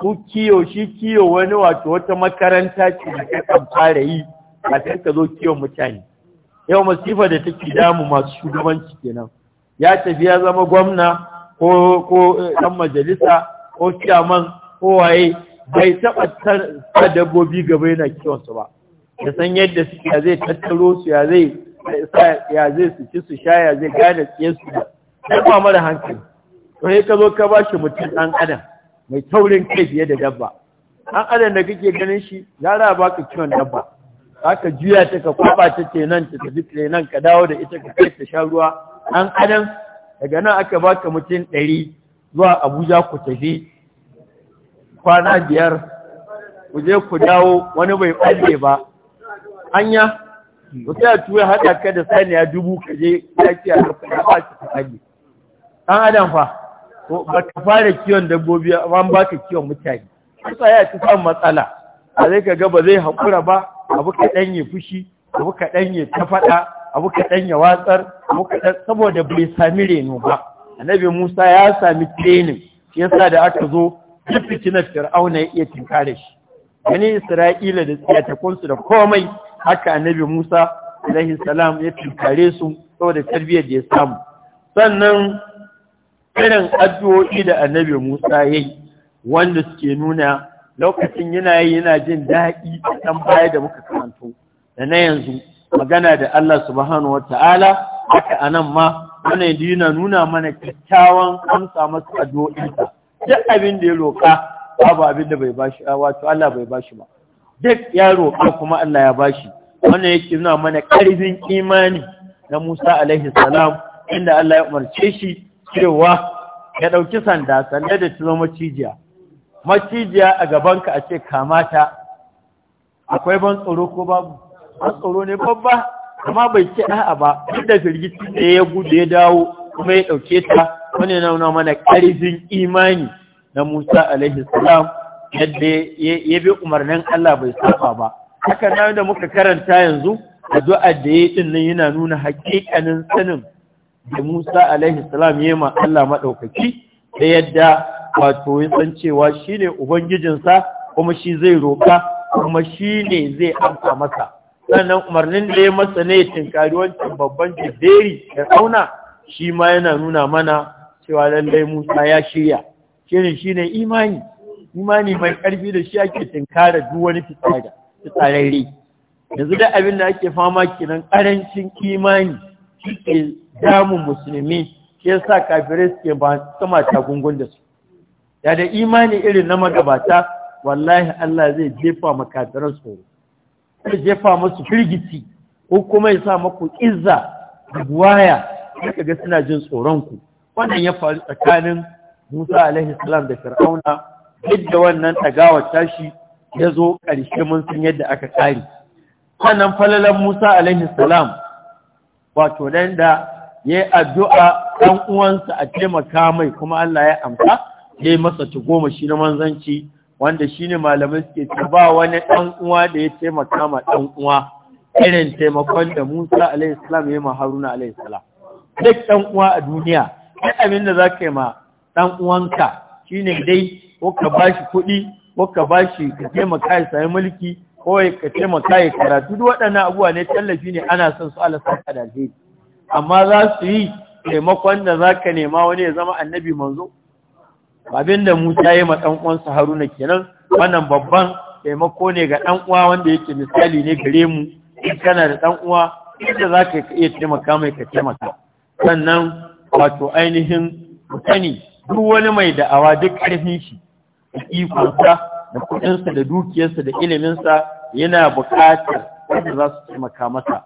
su kiyo shi kiyo wani wato wata makaranta ce da ta kan fara yi kafin ka zo kiwon mutane yau masifa da take damu masu shugabanci kenan ya tafi ya zama gwamna ko ko eh, majalisa ko chairman ko waye bai taɓa ta dabbobi gaba yana kiwonsu ba da san yadda su ya zai tattaro su ya zai su ci su sha ya zai gane tsaye su da ba mara hankali to sai ka zo ka ba shi mutum ɗan adam mai taurin kai fiye da dabba ɗan adam da kake ganin shi yara ba ka kiwon dabba aka juya ta ka kwaba ta ce nan ta tafi nan ka dawo da ita ka kai ta sha ruwa ɗan adam daga nan aka baka mutum ɗari zuwa abuja ku tafi kwana biyar ku je ku dawo wani bai ɓalle ba anya ku sai tuwe haɗa ka da saniya dubu ka je yaki a kafa ya ba ki ɓalle ɗan adam fa ba ka fara kiwon dabbobi amma ba ka kiwon mutane kusa ya ci samun matsala a zai ka ga ba zai haƙura ba abu kaɗan ya fushi abu kaɗan ya ta faɗa abu kaɗan ya watsar abu kaɗan saboda bai sami reno ba annabi musa ya sami training shi yasa da aka zo duk na fir'auna ya iya tinkare shi wani isra'ila da tsiyatakunsu da komai haka annabi musa alaihi salam ya tinkare su saboda tarbiyyar da ya samu sannan irin addu'o'i da annabi musa ya yi wanda suke nuna lokacin yana yi yana jin daɗi kan baya da muka karanto da na yanzu magana da Allah subhanahu Ta'ala, haka anan ma wannan yana nuna mana kyakkyawan amsa masa addu'o'insa duk abin da ya roƙa babu abin da bai bashi wato Allah bai bashi ba duk ya roƙa kuma Allah ya bashi wannan yake nuna mana ƙarfin imani na Musa alaihi salam inda Allah ya umarce shi cewa ya ɗauki sanda sanda da tuno macijiya macijiya a gabanka a ce kamata akwai ban tsoro ko babu ban tsoro ne babba amma bai ci a'a ba duk da firgici da ya gudu ya dawo kuma ya ɗauke ta wani nauna mana ƙarfin imani na Musa alaihissalam yadda ya bi umarnin Allah bai saba ba haka na da muka karanta yanzu addu'a da ya din nan yana nuna hakikanin sanin da Musa alaihissalam ya ya ma Allah maɗaukaki da yadda wato ya san cewa shine ubangijinsa kuma shi zai roka kuma shi ne zai amsa masa sannan umarnin da ya masa ne tinkari wancan babban jiberi da kauna shi ma yana nuna mana cewa lallai Musa ya shirya shirin shine imani imani mai ƙarfi da shi ake tinkara duk wani fitsara yanzu da abin da ake fama kenan ƙarancin imani ke damun musulmi shi yasa kafirai suke ba sama tagungun da su ya da imani irin na magabata wallahi Allah zai jefa makafiran tsoro zai jefa masu firgici ko kuma ya sa maku izza da buwaya ga suna jin tsoron ku wannan ya faru tsakanin Musa alaihi salam da Fir'auna yadda wannan dagawa tashi ya zo ƙarshe mun san yadda aka kare sannan falalan Musa alaihi salam wato dan da ya yi addu'a ɗan uwansa a taimaka mai kuma Allah ya amsa ya yi masa goma shi na manzanci wanda shi ne malamai suke ta ba wani ɗan uwa da ya taimaka ma ɗan uwa irin taimakon da Musa alaihi salam ya yi ma Haruna alaihi salam duk ɗan uwa a duniya duk abin da za ka yi ma ɗan uwanka ne dai ko ka ba shi kuɗi ko ka ba shi ka taimaka ya sami mulki ko ka taimaka ya karatu duk waɗannan abubuwa ne tallafi ne ana son su ala sa da zai amma za su yi taimakon da za ka nema wani ya zama annabi manzo abin da musa ya ma ɗan uwansa haruna kenan wannan babban taimako ne ga ɗan uwa wanda yake misali ne gare mu in kana da ɗan uwa inda za ka iya taimaka mai ka taimaka sannan wato ainihin mutane duk wani mai da'awa duk ƙarfin shi da ikonsa da kuɗinsa da dukiyarsa da iliminsa yana buƙatar wanda za su taimaka masa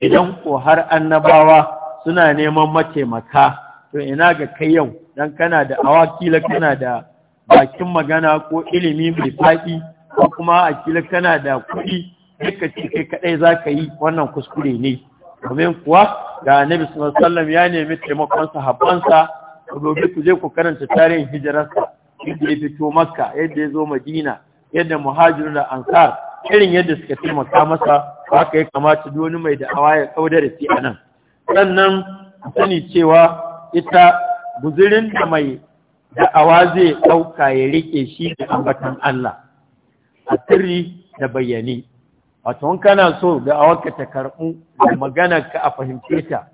idan ko har annabawa suna neman mataimaka to ina ga kai yau dan kana da awa kila kana da bakin magana ko ilimi mai faɗi ko kuma a kila kana da kuɗi duka ce kai kaɗai za ka yi wannan kuskure ne domin kuwa da annabi sallallahu alaihi ya nemi taimakon sahabbansa ku dobi ku je ku karanta tarihin hijirarsa yadda ya fito makka yadda ya zo madina yadda muhajiru da ansar irin yadda suka taimaka masa haka ya kamata duk wani mai da'awa ya kaudar da a nan sannan sani cewa ita guzurin da mai da'awa zai ɗauka ya rike shi da ambatan Allah a sirri da bayani wato kana so da wanka ta karɓu da maganar ka a fahimce ta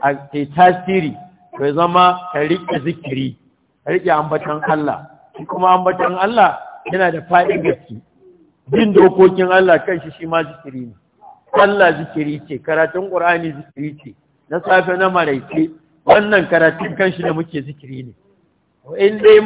a tasiri bai zama ka riƙe zikiri ka riƙe ambatan Allah kuma ambatan Allah yana da fa'in gaske jin dokokin Allah kan shi shi ma zikiri ne Allah zikiri ce karatun ƙur'ani zikiri ce na safe na maraice wannan karatun kan shi da muke zikiri ne in dai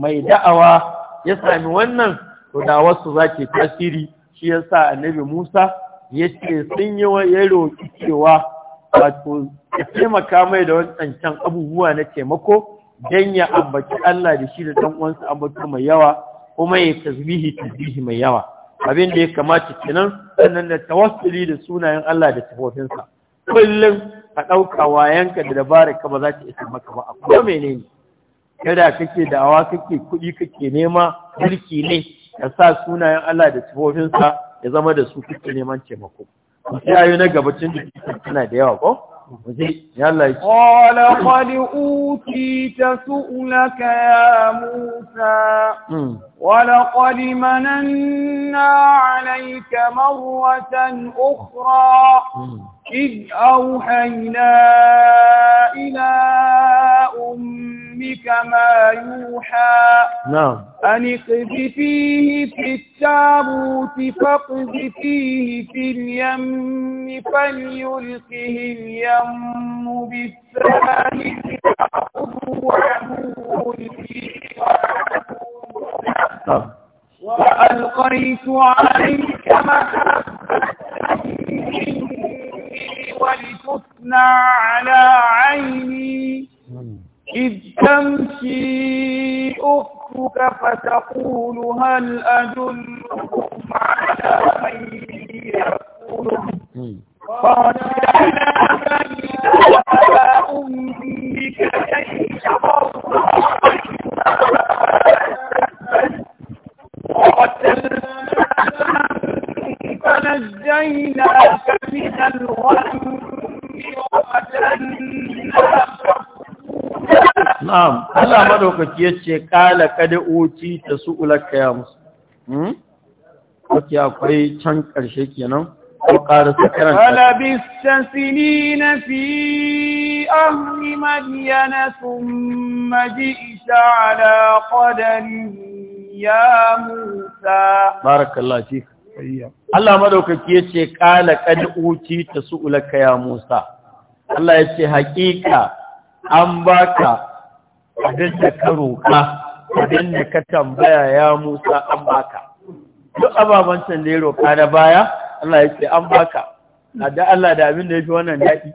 mai da'awa ya sami wannan to da wasu zake tasiri shi yasa annabi Musa ya ce sun yi wa ya roƙi cewa wato ya taimaka mai da wancan abubuwa na taimako don ya ambaci Allah da shi da ɗan uwansa ambato mai yawa kuma ya tasbihi tasbihi mai yawa abin da ya kamata kenan sannan da tawassuli da sunayen Allah da tafofinsa. kullum ka ɗauka wayanka da ka ba za ta isa maka ba a kuma menene kada kake da'awa kake kuɗi kake nema mulki ne ya sa sunayen Allah da sifofinsa ya zama da su kuke neman taimako sai ayo na gabacin da suna da yawa ko قال uti ta su'ulaka ya musa. Hmm. ولقد مننا عليك مرة أخرى إذ أوحينا إلى أمك ما يوحى نعم أن اقذفيه في التابوت فاقذفيه في اليم فليلقه اليم بالسلام وألقيت عليك محبتي ولتثنى على عيني إذ تمشي أختك فتقول هل أدلكم على من يقول قال Allah madaukaki yace qala qad uti su'ulaka ya musu hmm kake akwai can karshe kenan ko ƙara sakaran qala bisasinina fi ahli madyana thumma ji'ta ala qadarin ya musa barakallahu fik Allah madaukaki yace qala qad uti su'ulaka ya musa Allah yace haƙiƙa an baka abin da ka roƙa abin da ka tambaya ya musa an baka duk ababen can da ya roƙa da baya Allah ya ce an baka a da Allah da abin da ya fi wannan daɗi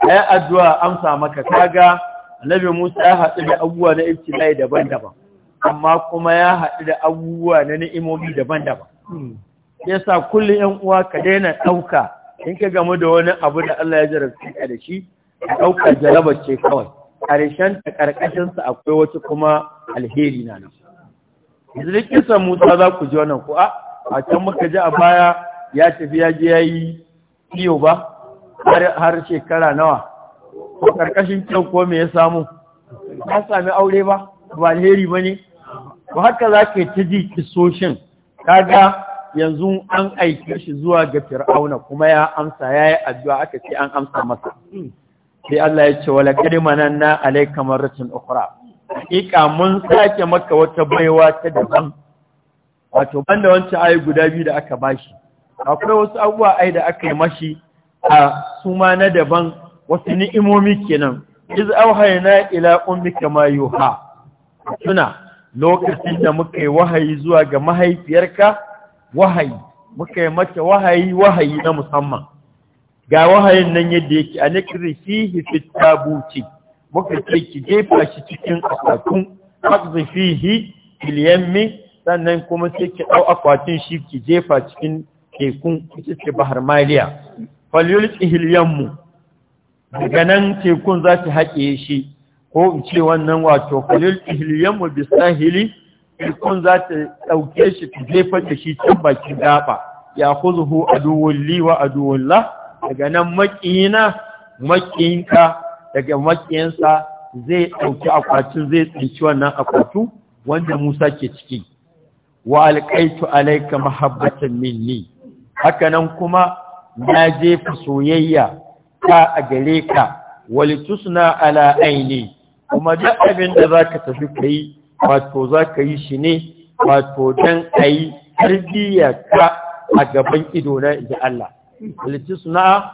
a yi addu'a amsa maka kaga annabi musa ya haɗu da abubuwa na ibtilai daban-daban amma kuma ya haɗu da abubuwa na ni'imomi daban-daban ya sa kullum yan uwa ka daina ɗauka in ka gamu da wani abu da Allah ya jarabce ka da shi ka ɗauka jarabar ce kawai ƙarshen ta ƙarƙashin akwai wata kuma alheri na nan yanzu kisan Musa za ku ji wannan ku a a can muka ji a baya ya tafi ya je yi iyo ba har shekara nawa ko ƙarƙashin kyau ko me ya samu ba sami aure ba ba alheri ba ne ba haka za ka yi ta ji kisoshin kaga yanzu an aike shi zuwa ga fir'auna kuma ya amsa ya yi addu'a aka ce an amsa masa sai Allah ya ce wala kadimanan na alayka marratun ukhra hakika mun sake maka wata baiwa ta daban wato banda wancan ayi guda biyu da aka bashi akwai wasu abubuwa ai da aka yi mashi a suma na daban wasu ni'imomi kenan iz awhayna ila ummika ma yuha Suna, lokacin da muka yi wahayi zuwa ga mahaifiyarka wahayi muka yi mata wahayi wahayi na musamman ga wahayin nan yadda yake a fihi fi tabuti muka ce ki jefa shi cikin akwatin fihi fil yammi sannan kuma sai ki dau akwatin shi ki jefa cikin tekun cikin bahar maliya yulqihi al yammu daga nan tekun za ta haƙe shi ko in ce wannan wato yulqihi al bi sahili tekun za ta ɗauke shi ki jefa shi cikin bakin gaba ya khuzuhu aduwulli wa aduwullah daga nan maƙiyina maƙiyinka daga makiyansa, zai ɗauki akwatin zai tsinci wannan akwatu wanda Musa ke ciki wa alƙaitu alaika mahabbatan minni haka nan kuma na jefa soyayya ka a gare ka walitusna ala aini kuma duk abin da za ka tafi ka yi wato za ka yi shi ne wato dan a yi tarbiyya ka a gaban idona ji Allah litisna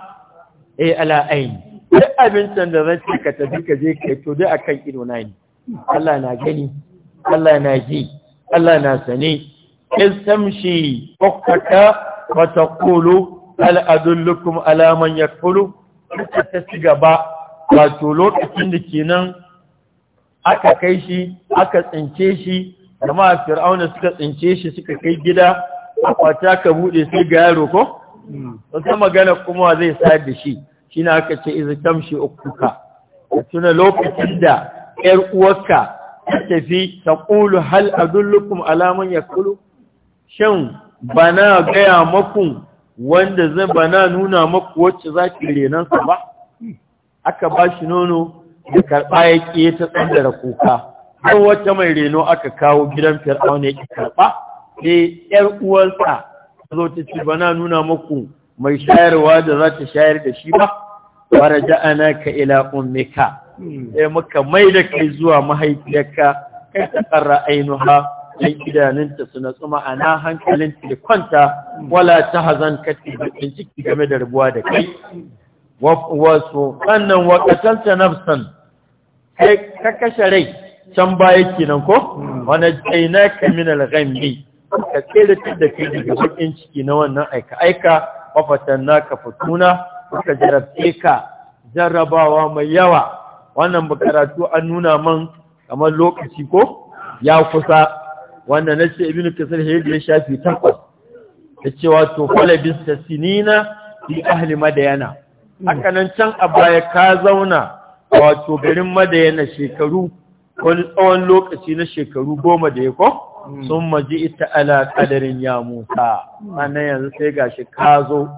eh ala aini duk abincin da zan ci ka tafi ka je ka to duk akan ido na ne Allah na gani Allah na ji Allah na sani samshi ukhaka wa taqulu hal adullukum ala man yakfulu ta ci gaba wato lokacin da kenan aka kai shi aka tsince shi jama'a fir'auna suka tsince shi suka kai gida akwata ka bude sai ga yaro ko wata magana kuma zai sa da shi shi na aka ce izu tamshi ukuka ka tuna lokacin da ‘yar uwarka ta tafi ta ƙulu hal dullukun alaman ya kulu shan bana gaya maku wanda zai ba nuna maku wacce za ki renansa ba aka ba shi nono da karɓa ya ƙi ta tsandara kuka har wata mai reno aka kawo gidan fir'auna ya ƙi karɓa sai ‘yar uwarsa ta zo ta ce bana nuna muku mai shayarwa da za ta shayar da shi ba waraja ana ka ila sai muka mai da kai zuwa mahaifiyarka kai ta karra ainuha ɗan idanunta su na tsuma a na hankalin ta kwanta wala ta hazan ciki game da rabuwa da kai wasu sannan wa nafsan kai ka kashe rai can baya kenan ko wa najaynaka min al ka tseratar da kai daga bakin ciki na wannan aika-aika mafatan naka fituna suka jarabce ka jarrabawa mai yawa wannan bukaratu an nuna man kamar lokaci ko ya kusa wannan na ce ibn kasar hedi ya shafi takwas da cewa to falabis ta sinina fi ahli madayana haka nan can a baya ka zauna wato garin madayana shekaru wani tsawon lokaci na shekaru goma da ya ko Hmm. sun maji ita ala ƙadarin ya musa ana yanzu sai gashi ka zo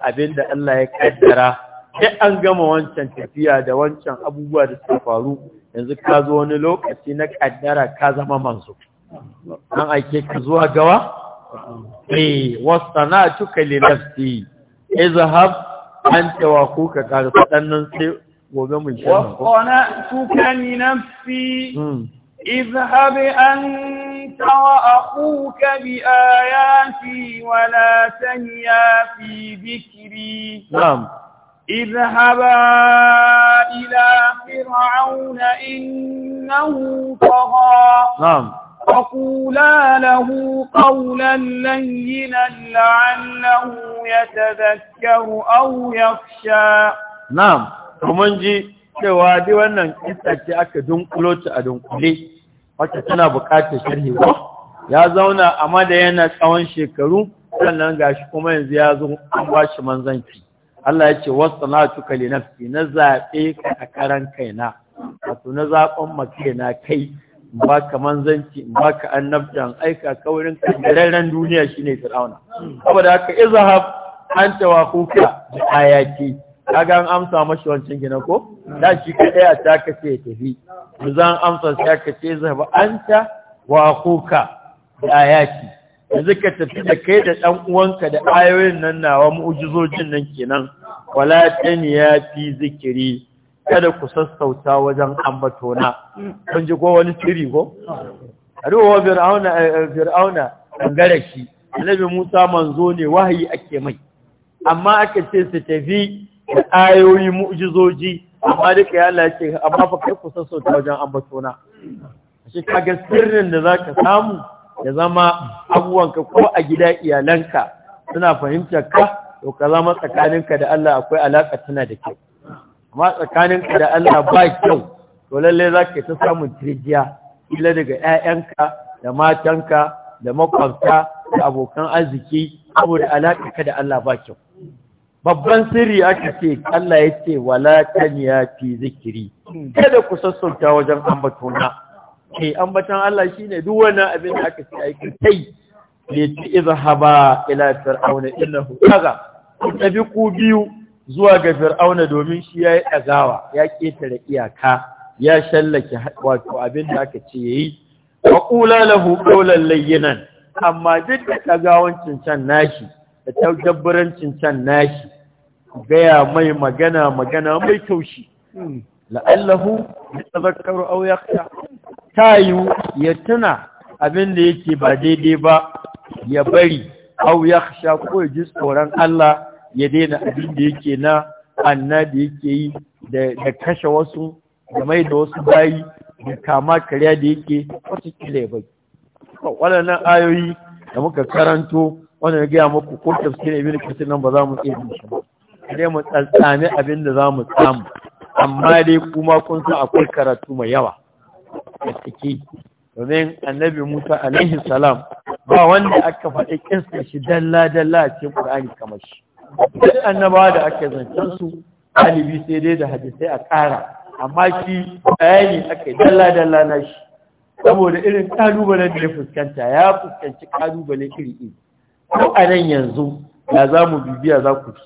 abin da Allah ya ƙaddara sai an gama wancan tafiya da wancan abubuwa da suka faru yanzu ka zo wani lokaci na ƙaddara ka zama manzo an aike ka zuwa gawa eh wasana'tuka li nafsi izhab anta wa kuka ka sadannan sai gobe mun shi wasana'tuka nafsi hmm. اذهب أنت وأخوك بآياتي ولا تنيا في ذكري نعم اذهبا إلى فرعون إنه طغى نعم فقولا له قولا لينا لعله يتذكر أو يخشى نعم ومن جي cewa dai wannan kisa ce aka dunkulo ta a dunkule wacce tana buƙatar sharhi ba ya zauna amma da yana tsawon shekaru sannan ga shi kuma yanzu ya zo an ba shi manzanci Allah ya ce wasu na tuka li nafsi na zaɓe ka a karan kaina wato na zaɓen ma kaina kai in ba ka manzanci in ba ka annabta aika kaurin kandararren duniya shine fir'auna saboda haka izahab an tawafuka da ayaki kaga an amsa mashi wancan gina ko da shi ka a ta kace ya tafi yanzu an amsa sai ka ce zaba anta wa akuka da ayati yanzu ka tafi da kai da dan uwanka da ayoyin nan nawa mu'jizojin nan kenan wala taniya fi zikiri kada ku sassauta wajen ambatona kun ji ko wani siri ko ruwa fir'auna eh, eh, fir'auna dangare shi annabi Musa manzo ne wahayi ake mai amma aka ce su tafi da ayoyi mu'jizoji amma duka ya Allah ce amma fa kai ku ta wajen ambatona shi ga sirrin da za ka samu ya zama ka ko a gida iyalanka suna fahimtar ka to ka zama tsakaninka da Allah akwai alaka tana da kyau amma tsakaninka da Allah ba kyau to lalle zaka ta samun tirjiya kila daga ƴaƴanka da matanka da makwabta da abokan arziki saboda alaka ka da Allah ba kyau babban sirri aka ce Allah ya ce wala ya fi zikiri kada ku sassauta wajen ambatona ke ambatan Allah shine duk wani abin da aka ce aiki kai ne ta izhaba ila fir'auna ina kaga ku tafi ku biyu zuwa ga fir'auna domin shi ya yi ɗagawa, ya ƙetare iyaka ya shallake wato abin da aka ce ya yayi wa ƙula lahu qawlan layyinan amma duk da ɗagawancin can nashi da tabbarancin can nashi gaya mai magana magana mai taushi hmm. la'allahu yatazakkaru aw yakhsha tayu ya tuna abin da yake ba daidai ba ya bari aw yakhsha ko ya ji tsoron Allah ya daina abin da yake na anna da yake yi da kashe wasu da mai da wasu bayi da kama karya da yake wata kila ya bai waɗannan ayoyi da muka karanto wannan ya gaya muku ko tafsirin ibn kasir nan ba za mu iya shi ba dai mu tsantsami abin da za mu samu amma dai kuma kun san akwai karatu mai yawa a ciki domin annabi musa alaihi salam ba wanda aka faɗi kinsa shi dalla dalla a cikin ƙur'ani kamar shi duk annabawa da aka zancen su alibi sai dai da hadisai a ƙara amma shi bayani aka yi dalla dalla na shi saboda irin ƙalubalen da ya fuskanta ya fuskanci ƙalubale iri iri ko a nan yanzu ya za mu bibiya za ku ci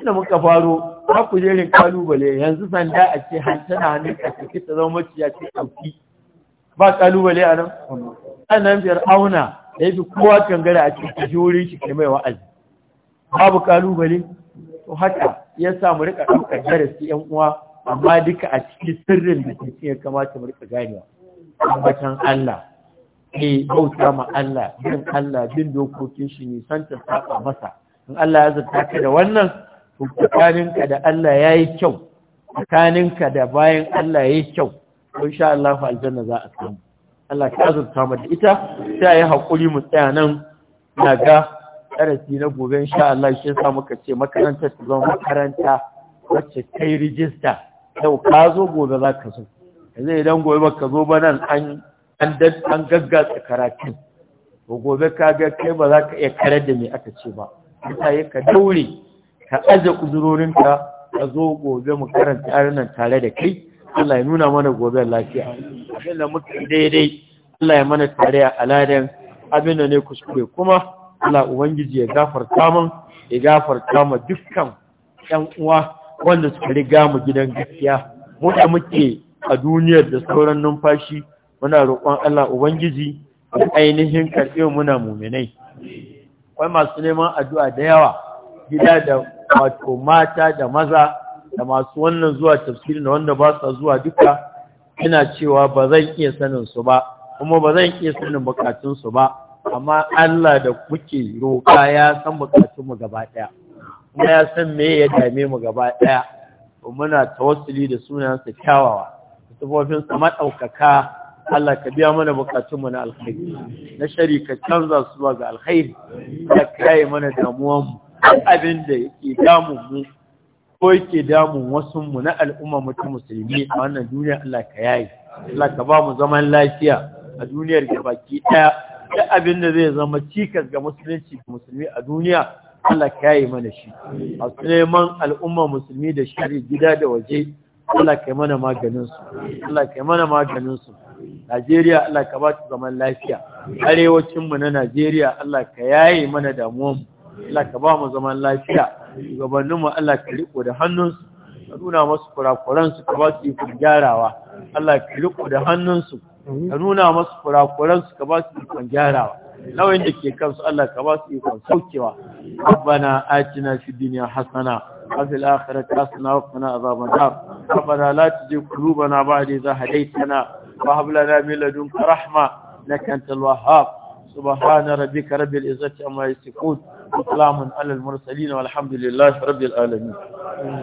inda muka faro ba ku kalubale yanzu sanda a ce hantana hannun a cikin ta zama maciya ce ɗauki ba kalubale a nan sannan biyar auna da yafi kowa kangara a cikin ka shi kai mai wa'azi babu kalubale to haka ya samu rika ɗaukar darasi yan uwa amma duka a cikin sirrin da ke ya kamata mu rika ganewa ambatan Allah eh bauta ma Allah bin Allah bin dokokin shi ne santa saka masa in Allah ya zata ka da wannan tsakaninka da Allah ya yi kyau tsakaninka da bayan Allah ya yi kyau ko sha Allah fa aljanna za a samu Allah ka azurta mu da ita sai yi hakuri mu tsaya nan na ga darasi na gobe insha Allah shi yasa muka ce makarantar ta zama makaranta wacce kai rijista yau ka zo gobe za ka zo yanzu idan gobe baka zo ba nan an an gaggatsa karatun gobe ka ga kai ba za ka iya karar da me aka ce ba mutane ka daure ka aje kuzurorinka ka zo gobe mu karanta arinan tare da kai Allah ya nuna mana gobe lafiya abin da muka daidai Allah ya mana tare a aladen abin da ne kuskure kuma Allah ubangiji ya gafarta mun ya gafarta mu dukkan ƴan uwa wanda suka riga mu gidan gaskiya mu da muke a duniyar da sauran numfashi muna roƙon Allah ubangiji ainihin karɓe muna muminai akwai masu neman addu'a da yawa gida da wato mata da maza da masu wannan zuwa tafsiri na wanda ba sa zuwa duka ina cewa ba zan iya sanin su ba kuma ba zan iya sanin bukatunsu ba amma Allah da kuke roƙa ya san bukatun mu gaba ɗaya, kuma ya san me ya dame mu gaba ɗaya muna tawassuli da sunan sa kyawawa sifofin sa madaukaka Allah ka biya mana bukatunmu na alkhairi na shari ka canza su zuwa ga alkhairi ka kai mana damuwanmu abin da yake damun mu ko yake damun wasu mu na al'umma mu ta musulmi a wannan duniya Allah ka yayi Allah ka ba mu zaman lafiya a duniyar da baki daya da abin da zai zama cikas ga musulunci ga musulmi a duniya Allah ka yayi mana shi a neman al'umma musulmi da shari gida da waje Allah yi mana maganin su Allah yi mana maganin su Najeriya Allah ka ba ta zaman lafiya arewacin mu na Najeriya Allah ka yaye mana damuwan Allah ka ba mu zaman lafiya shugabannin mu Allah ka riko da hannun su ka nuna masu kurakuran su ka ba su ikon gyarawa Allah ka riko da hannun su ka nuna masu kurakuran su ka ba su ikon gyarawa Lawan da ke kansu Allah ka ba su yi ikon saukewa ربنا آتنا shi duniya hasana. وفي الآخرة حسنة وقنا عذاب النار ربنا لا تزغ قلوبنا بعد إذا هديتنا وهب لنا من لدنك رحمة إنك أنت الوهاب سبحان ربك رب العزة عما يصفون وسلام على المرسلين والحمد لله رب العالمين